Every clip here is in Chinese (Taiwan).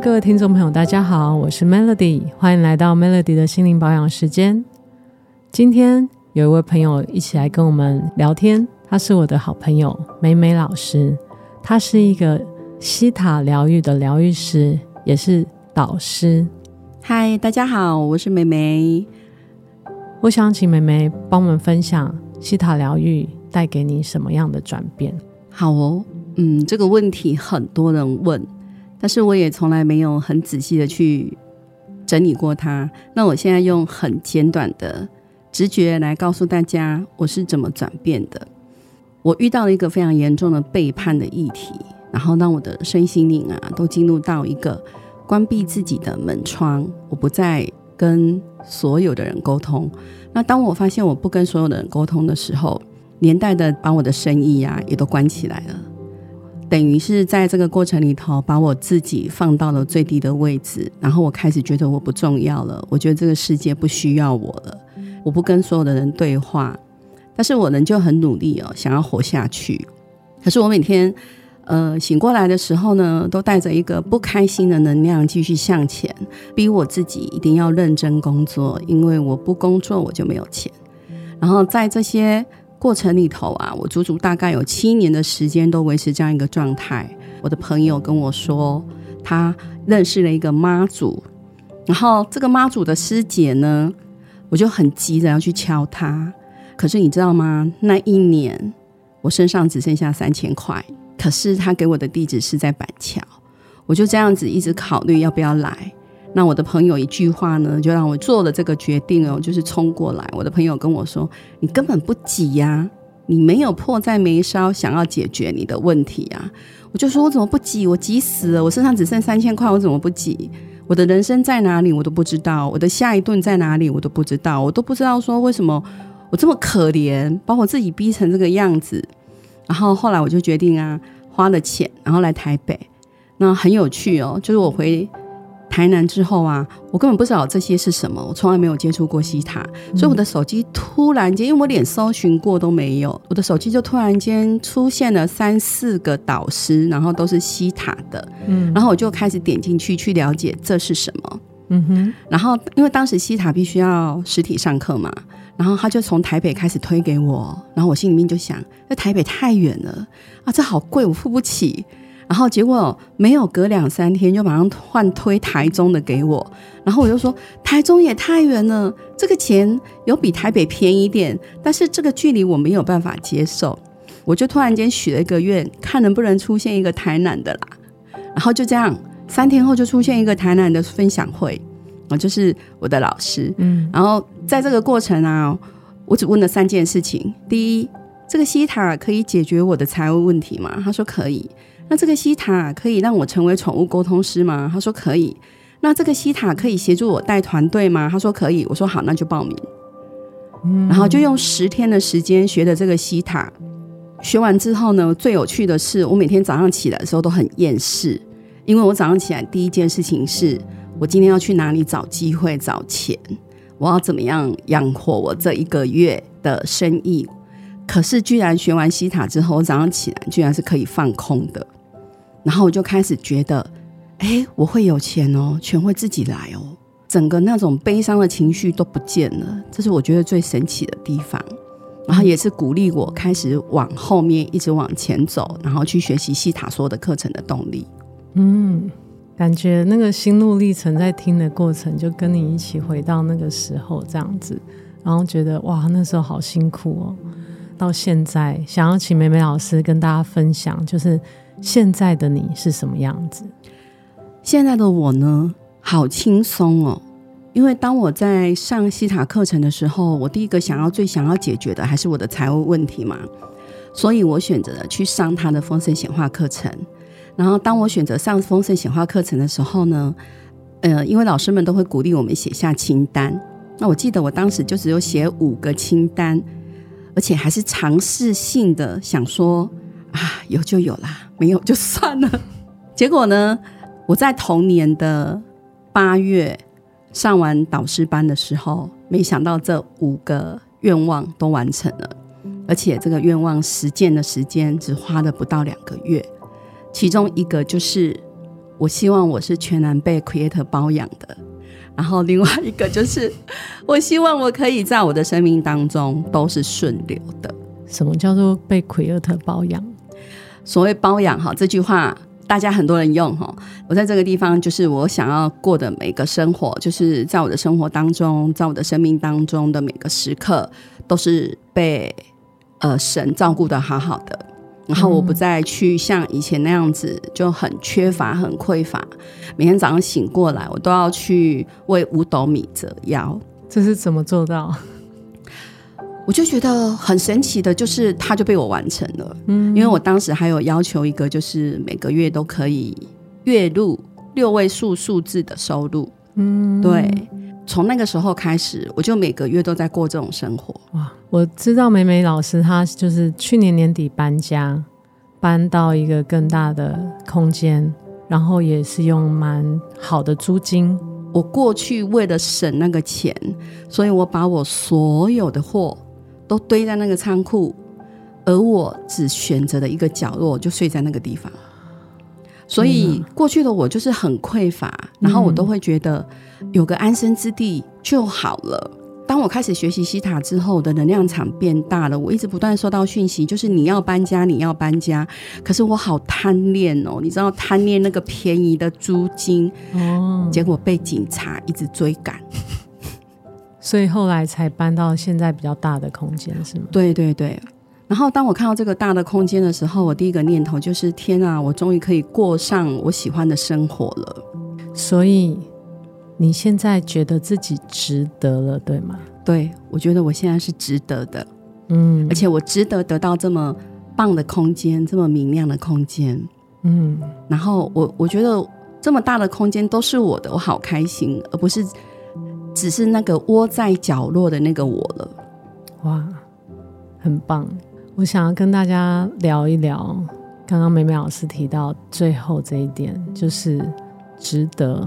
各位聽眾朋友，大家好，我是 Melody，歡迎來到 Melody 的心靈保養時間。今天有一位朋友一起來跟我們聊天，他是我的好朋友眉眉老師，他是一個西塔療癒的療癒師，也是導師。嗨，大家好，我是眉眉。我想請眉眉幫我們分享西塔療癒帶給你什麼樣的轉變？好哦，嗯，這個問題很多人問。但是我也從來沒有很仔細的去整理過它。那我現在用很簡短的直覺來告訴大家，我是怎麼轉變的。我遇到了一個非常嚴重的背叛的議題，然後讓我的身心靈啊都進入到一個關閉自己的門窗。我不再跟所有的人溝通。那當我發現我不跟所有的人溝通的時候，連帶的把我的生意呀，啊，也都關起來了。等於是在這個過程裡頭，把我自己放到了最低的位置，然後我開始覺得我不重要了，我覺得這個世界不需要我了，我不跟所有的人對話，但是我仍舊很努力哦、喔，想要活下去。可是我每天，呃，醒過來的時候呢，都帶着一個不開心的能量繼續向前，逼我自己一定要認真工作，因為我不工作我就沒有錢，然後在這些過程裡頭啊，我足足大概有七年的時間都維持這樣一個狀態。我的朋友跟我說，他認識了一個媽祖，然後這個媽祖的師姐呢，我就很急着要去敲她。可是你知道嗎？那一年我身上只剩下三千塊，可是他給我的地址是在板橋，我就這樣子一直考慮要不要來。那我的朋友一句話呢，就讓我做了這個決定哦，就是衝過來。我的朋友跟我說：“你根本不急呀，啊，你沒有迫在眉梢想要解決你的問題啊。”我就說：“我怎麼不急？我急死了！我身上只剩三千塊，我怎麼不急？我的人生在哪裡？我都不知道。我的下一頓在哪裡？我都不知道。我都不知道說，為什麼我這麼可憐，把我自己逼成這個樣子。”然後後來我就決定啊，花了錢，然後來台北。那很有趣哦，就是我回。台南之後啊，我根本不知道這些是什麼，我從來沒有接觸過西塔，嗯，所以我的手機突然間，因為我連搜尋過都沒有，我的手機就突然間出現了三四個導師，然後都是西塔的，嗯，然後我就開始點進去去了解這是什麼，嗯哼，然後因為當時西塔必須要實體上課嘛，然後他就從台北開始推給我，然後我心裡面就想，這台北太遠了啊，這好貴，我付不起。然後結果、哦、沒有隔兩三天，就馬上換推台中的給我。然後我就說，台中也太遠了，這個錢有比台北便宜一點，但是這個距離我沒有辦法接受。我就突然間許了一個願，看能不能出現一個台南的啦。然後就這樣，三天後就出現一個台南的分享會，我就是我的老師。嗯，然後在這個過程啊，我只問了三件事情。第一，這個西塔可以解決我的財務問題嗎？他說可以。那這個西塔可以讓我成為寵物溝通師嗎？他說可以。那這個西塔可以協助我帶團隊嗎？他說可以。我說好，那就報名。嗯，然後就用十天的時間學的這個西塔。學完之後呢，最有趣的是，我每天早上起來的時候都很厭世，因為我早上起來第一件事情是我今天要去哪裡找機會找錢，我要怎麼樣養活我這一個月的生意。可是居然學完西塔之後，我早上起來居然是可以放空的。然後我就開始覺得，哎，我會有錢哦，錢會自己來哦，整個那種悲傷的情緒都不見了，這是我覺得最神奇的地方。然後也是鼓勵我開始往後面一直往前走，然後去學習西塔說的課程的動力。嗯，感覺那個心路歷程在聽的過程，就跟你一起回到那個時候這樣子，然後覺得哇，那時候好辛苦哦。到現在，想要請眉眉老師跟大家分享，就是現在的你是什麼樣子？現在的我呢，好輕鬆哦，因為當我在上西塔課程的時候，我第一個想要、最想要解決的還是我的財務問題嘛，所以我選擇了去上他的豐盛顯化課程。然後，當我選擇上豐盛顯化課程的時候呢，呃，因為老師們都會鼓勵我們寫下清單，那我記得我當時就只有寫五個清單。而且還是嘗試性的想說，啊，有就有啦，沒有就算了。結果呢，我在同年的八月上完導師班的時候，沒想到這五個願望都完成了，而且這個願望實踐的時間只花了不到兩個月。其中一個就是，我希望我是全然被 Creator 包養的。然後另外一個就是，我希望我可以在我的生命當中都是順流的。什麼叫做被奎爾特包養？所謂包養哈，這句話大家很多人用哈。我在這個地方就是我想要過的每個生活，就是在我的生活當中，在我的生命當中的每個時刻，都是被呃神照顧得好好的。然後我不再去像以前那樣子就很缺乏、很匱乏。每天早上醒過來，我都要去為五斗米折腰。這是怎麼做到？我就覺得很神奇的，就是它就被我完成了。嗯，因為我當時還有要求一個，就是每個月都可以月入六位數數字的收入。嗯，對。從那個時候開始，我就每個月都在過這種生活。哇，我知道眉眉老師她就是去年年底搬家，搬到一個更大的空間，然後也是用蠻好的租金。我過去為了省那個錢，所以我把我所有的貨都堆在那個倉庫，而我只選擇了一個角落，就睡在那個地方。所以過去的我就是很匱乏，然後我都會覺得有個安身之地就好了。嗯、當我開始學習西塔之後，我的能量場變大了，我一直不斷收到訊息，就是你要搬家，你要搬家。可是我好貪戀哦，你知道貪戀那個便宜的租金哦，結果被警察一直追趕。 所以後來才搬到現在比較大的空間，是嗎？對對對。然後當我看到這個大的空間的時候，我第一個念頭就是：天啊，我終於可以過上我喜歡的生活了。所以你現在覺得自己值得了，對嗎？對，我覺得我現在是值得的。嗯，而且我值得得到這麼棒的空間，這麼明亮的空間。嗯，然後我我覺得這麼大的空間都是我的，我好開心，而不是只是那個窩在角落的那個我了。哇，很棒。我想要跟大家聊一聊，剛剛眉眉老師提到最後這一點，就是值得。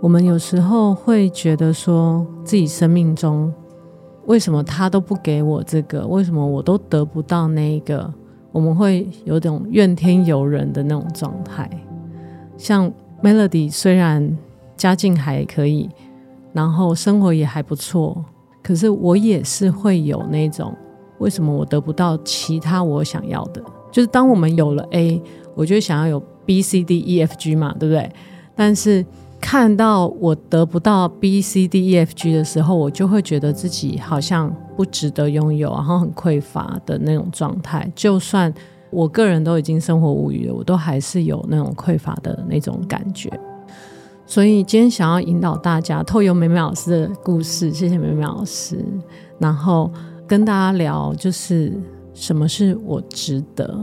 我們有時候會覺得說，自己生命中為什麼他都不給我這個，為什麼我都得不到那個，我們會有種怨天尤人的那種狀態。像 Melody 雖然家境還可以，然後生活也還不錯，可是我也是會有那種。為什麼我得不到其他我想要的？就是當我們有了 A，我就想要有 B、C、D、E、F、G 嘛，對不對？但是看到我得不到 B、C、D、E、F、G 的時候，我就會覺得自己好像不值得擁有，然後很匱乏的那種狀態。就算我個人都已經生活無餘了，我都還是有那種匱乏的那種感覺。所以今天想要引導大家，透過眉眉老師的故事，謝謝眉眉老師，然後。跟大家聊，就是什麼是我值得，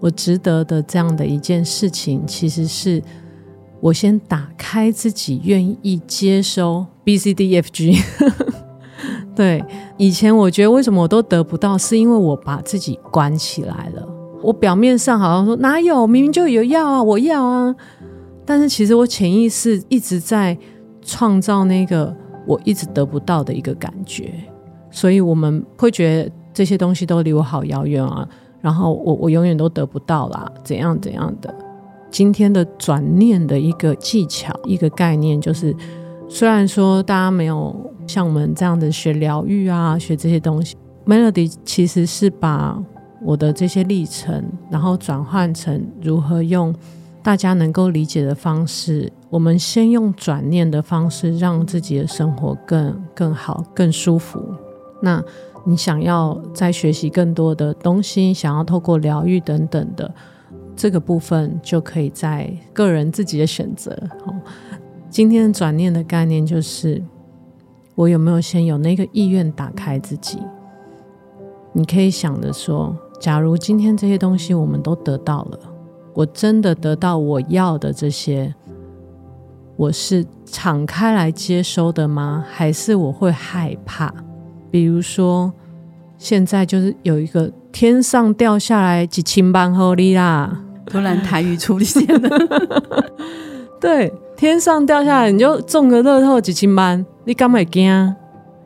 我值得的這樣的一件事情，其實是我先打開自己，願意接收 BCDFG。 對，以前我覺得為什麼我都得不到，是因為我把自己關起來了。我表面上好像說哪有，明明就有要啊，我要啊，但是其實我潛意識一直在創造那個我一直得不到的一個感覺。所以我們會覺得這些東西都離我好遙遠啊，然後我我永遠都得不到啦，怎樣怎樣的。今天的轉念的一個技巧，一個概念就是，雖然說大家沒有像我們這樣子學療癒啊，學這些東西，Melody 其實是把我的這些歷程，然後轉換成如何用大家能夠理解的方式，我們先用轉念的方式，讓自己的生活更更好，更舒服。那你想要再學習更多的東西，想要透過療癒等等的這個部分，就可以在個人自己的選擇。哦，今天的轉念的概念就是：我有沒有先有那個意願打開自己？你可以想着說，假如今天這些東西我們都得到了，我真的得到我要的這些，我是敞開來接收的嗎？還是我會害怕？比如說，現在就是有一個天上掉下來幾千萬後利啦，突然台語出現了。 對，天上掉下來你就中個樂透幾千萬，你敢會驚？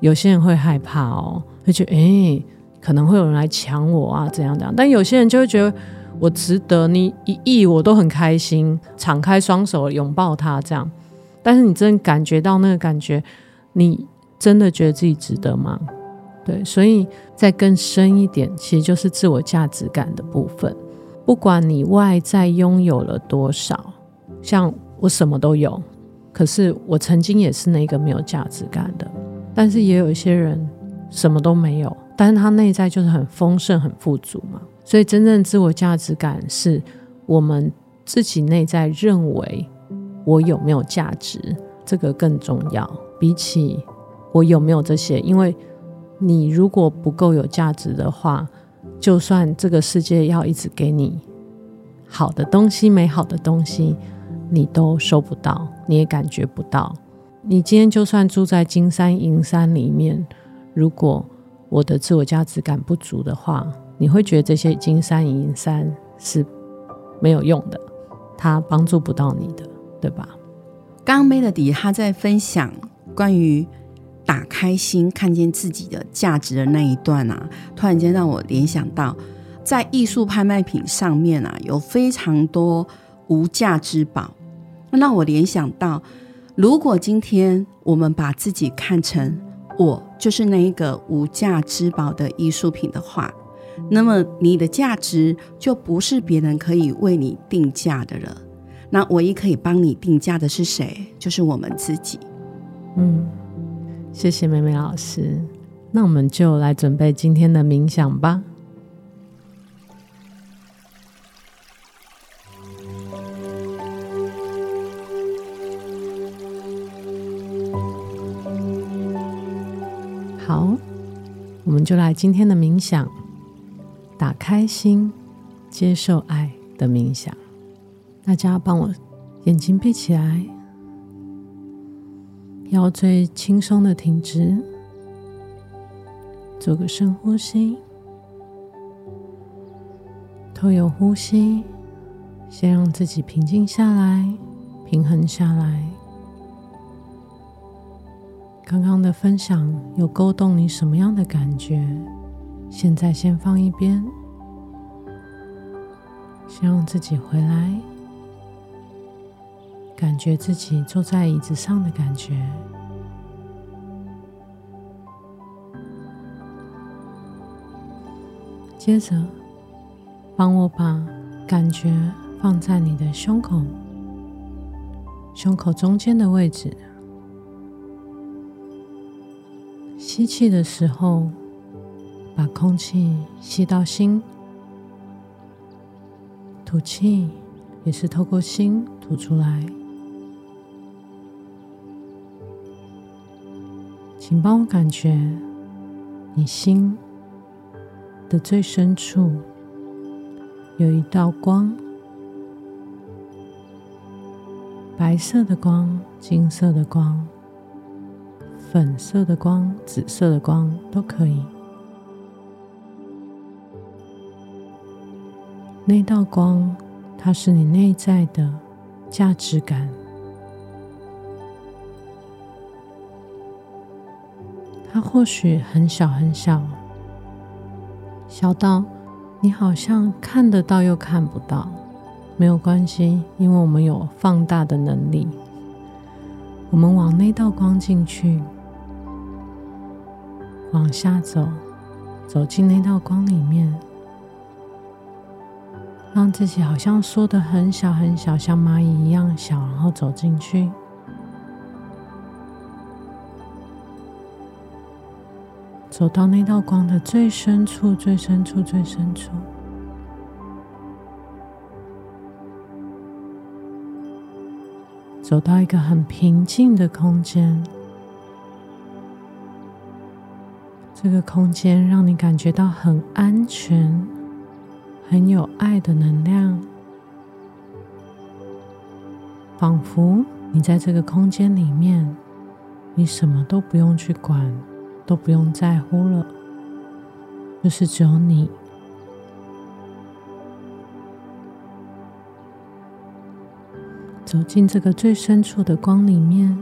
有些人會害怕哦，會覺得哎、欸，可能會有人來搶我啊，怎樣怎樣？但有些人就會覺得我值得，你一億我都很開心，敞開雙手擁抱他這樣。但是你真的感覺到那個感覺，你。真的覺得自己值得嗎？對，所以再更深一點，其實就是自我價值感的部分。不管你外在擁有了多少，像我什麼都有，可是我曾經也是那個沒有價值感的。但是也有一些人什麼都沒有，但是他內在就是很豐盛、很富足嘛。所以真正自我價值感是我們自己內在認為我有沒有價值，這個更重要，比起……我有沒有這些？因為，你如果不夠有價值的話，就算這個世界要一直給你好的東西、美好的東西，你都收不到，你也感覺不到。你今天就算住在金山銀山裡面，如果我的自我價值感不足的話，你會覺得這些金山銀山是沒有用的，它幫助不到你的，對吧？剛剛 Melody 他在分享關於，打開心，看見自己的價值的那一段啊，突然間讓我聯想到，在藝術拍賣品上面啊，有非常多無價之寶。那讓我聯想到，如果今天我們把自己看成我就是那一個無價之寶的藝術品的話，那麼你的價值就不是別人可以為你定價的了。那唯一可以幫你定價的是誰？就是我們自己。嗯。謝謝眉眉老師，那我們就來準備今天的冥想吧。好，我們就來今天的冥想，打開心，接收愛的冥想。大家幫我眼睛閉起來。腰椎輕鬆的挺直，做個深呼吸，透過呼吸，先讓自己平靜下來，平衡下來。剛剛的分享有勾動你什麼樣的感覺？現在先放一邊，先讓自己回來。感覺自己坐在椅子上的感覺，接，接着，幫我把感覺放在你的胸口，胸口中間的位置。吸氣的時候，把空氣吸到心；吐氣也是透過心吐出來。請幫我感覺，你心的最深處有一道光，白色的光、金色的光、粉色的光、紫色的光都可以。那道光，它是你內在的價值感。或許很小很小，小到你好像看得到又看不到。沒有關係，因為我們有放大的能力。我們往那道光進去，往下走，走進那道光裡面，讓自己好像縮的很小很小，像螞蟻一樣小，然後走進去。走到那道光的最深處，最深處，最深處。走到一個很平靜的空間，這個空間讓你感覺到很安全，很有愛的能量，仿佛你在這個空間裡面，你什麼都不用去管。都不用在乎了，就是只有你走進這個最深處的光裡面，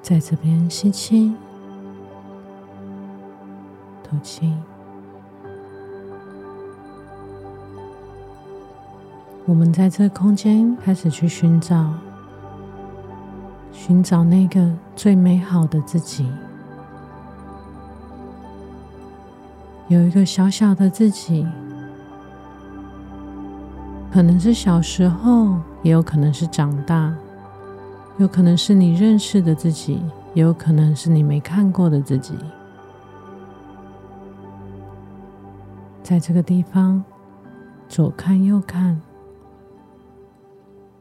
在這邊吸氣、吐氣，我們在這空間開始去尋找。尋找那個最美好的自己，有一個小小的自己，可能是小時候，也有可能是長大，有可能是你認識的自己，也有可能是你沒看過的自己。在這個地方，左看右看，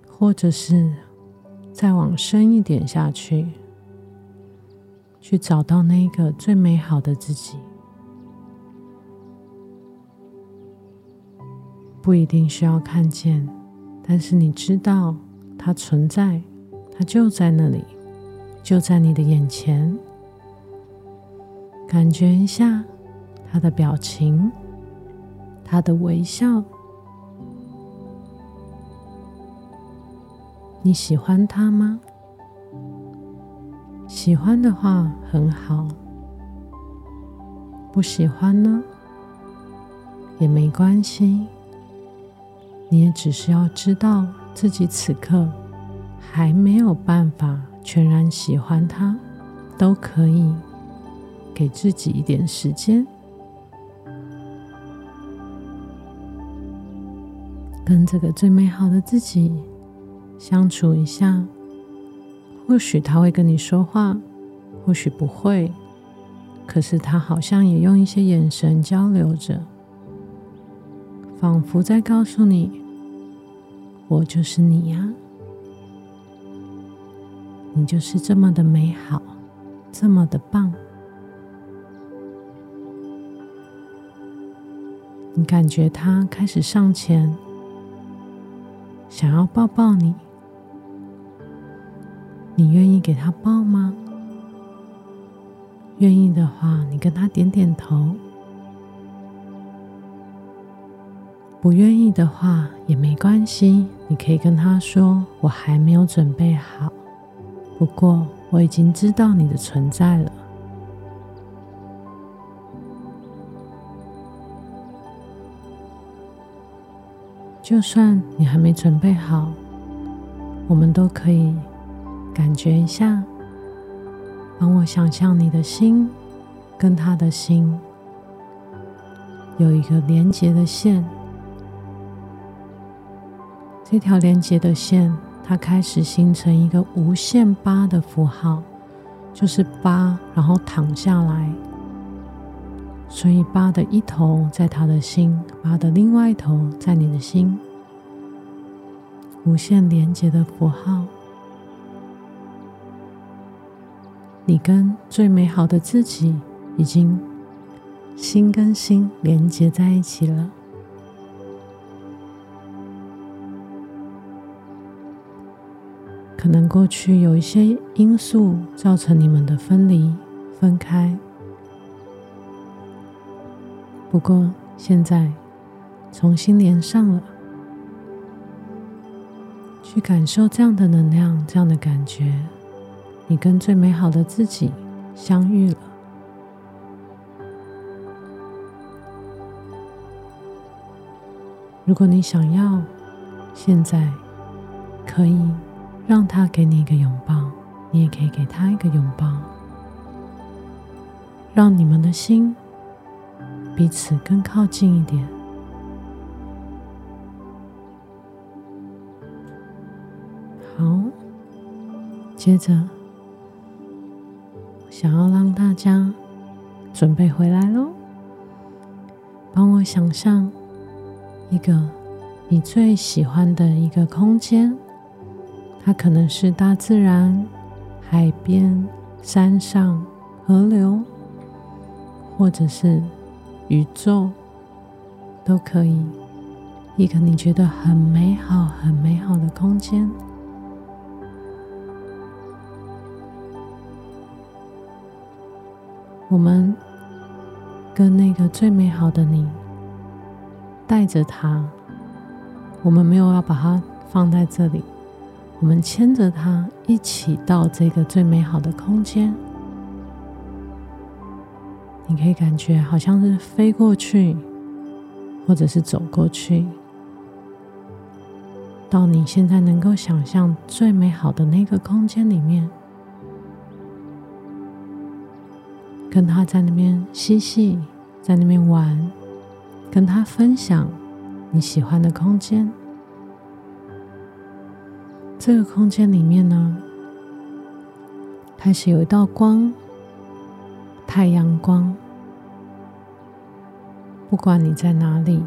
或者是。再往深一點下去，去找到那個最美好的自己。不一定需要看見，但是你知道它存在，它就在那裡，就在你的眼前。感覺一下他的表情，他的微笑。你喜歡他嗎？喜歡的話很好，不喜歡呢也沒關係。你也只需要知道自己此刻還沒有辦法全然喜歡他，都可以給自己一點時間，跟這個最美好的自己。相處一下，或許他會跟你說話，或許不會。可是他好像也用一些眼神交流着，仿佛在告訴你：“我就是你呀、啊，你就是這麼的美好，這麼的棒。”你感覺他開始上前，想要抱抱你。你願意給他抱嗎？願意的話，你跟他點點頭；不願意的話，也沒關係，你可以跟他說：“我還沒有準備好，不過我已經知道你的存在了。”就算你還沒準備好，我們都可以。感覺一下，幫我想象你的心跟他的心有一個連接的線。這條連接的線，它開始形成一個無限八的符號，就是八，然後躺下來。所以八的一頭在他的心，八的另外一頭在你的心。無限連接的符號。你跟最美好的自己已經心跟心連接在一起了。可能過去有一些因素造成你們的分離、分開，不過現在重新連上了。去感受這樣的能量，這樣的感覺。你跟最美好的自己相遇了。如果你想要，現在可以讓他給你一個擁抱，你也可以給他一個擁抱，讓你們的心彼此更靠近一點。好，接着。想要讓大家準備回來嘍，幫我想象一個你最喜歡的一個空間，它可能是大自然、海邊、山上、河流，或者是宇宙，都可以。一個你覺得很美好、很美好的空間。我們跟那個最美好的你帶着他，我們沒有要把它放在這裡，我們牽着他一起到這個最美好的空間。你可以感覺好像是飛過去，或者是走過去，到你現在能夠想象最美好的那個空間裡面。跟他在那邊嬉戲，在那邊玩，跟他分享你喜歡的空間。這個空間裡面呢，開始有一道光，太陽光。不管你在哪裡，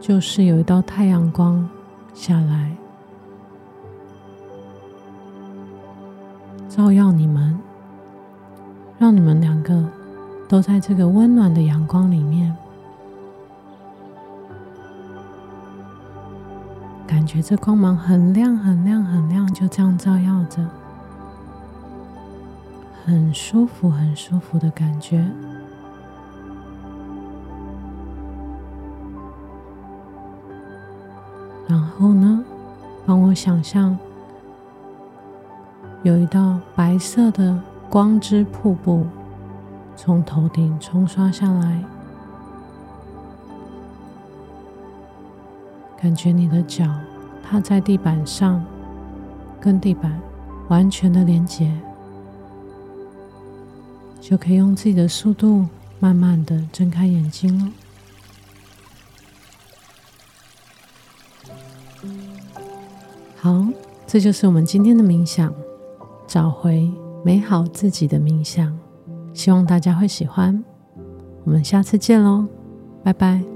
就是有一道太陽光下來，照耀你們，讓你們兩個。都在這個溫暖的陽光裡面，感覺這光芒很亮、很亮、很亮，就這樣照耀着，很舒服、很舒服的感覺。然後呢，幫我想象有一道白色的光之瀑布。從頭頂沖刷下來，感覺你的腳踏在地板上，跟地板完全的連接，就可以用自己的速度慢慢的睜開眼睛了。好，這就是我們今天的冥想，找回美好自己的冥想。希望大家會喜歡，我們下次見囉，拜拜。